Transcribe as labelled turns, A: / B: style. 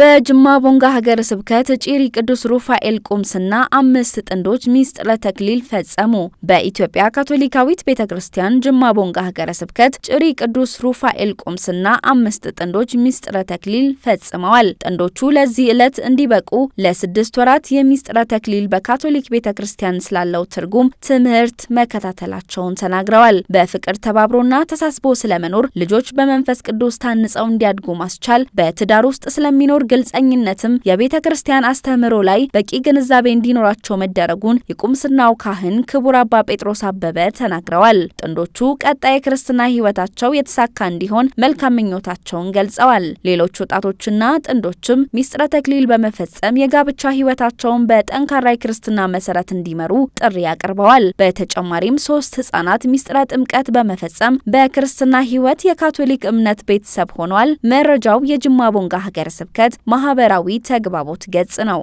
A: በጅማ ቦንጋ ሀገረ ስብከት ጪሪ ቅዱስ ሩፋኤል ቁምስና አምስት ጥንዶች ሚስጥረ ተክሊል ፈጸሙ። በኢትዮጵያ ካቶሊካዊት ቤተ ክርስቲያን ጅማ ቦንጋ ሀገረ ስብከት ጪሪ ቅዱስ ሩፋኤል ቁምስና አምስት ጥንዶች ሚስጥረ ተክሊል ፈጽመዋል። ጥንዶቹ ለዚህ ዕለት እንዲበቁ ለስድስት ወራት የሚስጥረ ተክሊል በካቶሊክ ቤተ ክርስቲያን ስላለው ትርጉም ትምህርት መከታተላቸውን ተናግረዋል። በፍቅር ተባብሮና ተሳስቦ ስለመኖር ልጆች በመንፈስ ቅዱስ ታንጸው እንዲያድጉ ማስቻል፣ በትዳር ውስጥ ስለሚኖር ጥቁር ግልጸኝነትም የቤተ ክርስቲያን አስተምህሮ ላይ በቂ ግንዛቤ እንዲኖራቸው መደረጉን የቁምስናው ካህን ክቡር አባ ጴጥሮስ አበበ ተናግረዋል። ጥንዶቹ ቀጣይ የክርስትና ሕይወታቸው የተሳካ እንዲሆን መልካም ምኞታቸውን ገልጸዋል። ሌሎች ወጣቶችና ጥንዶችም ሚስጥረ ተክሊል በመፈጸም የጋብቻ ሕይወታቸውን በጠንካራ የክርስትና መሰረት እንዲመሩ ጥሪ አቅርበዋል። በተጨማሪም ሶስት ህጻናት ሚስጥረ ጥምቀት በመፈጸም በክርስትና ሕይወት የካቶሊክ እምነት ቤተሰብ ሆኗል። መረጃው የጅማ ቦንጋ ሀገረ ስብከት ማህበራዊ ተግባቦት ገጽ ነው።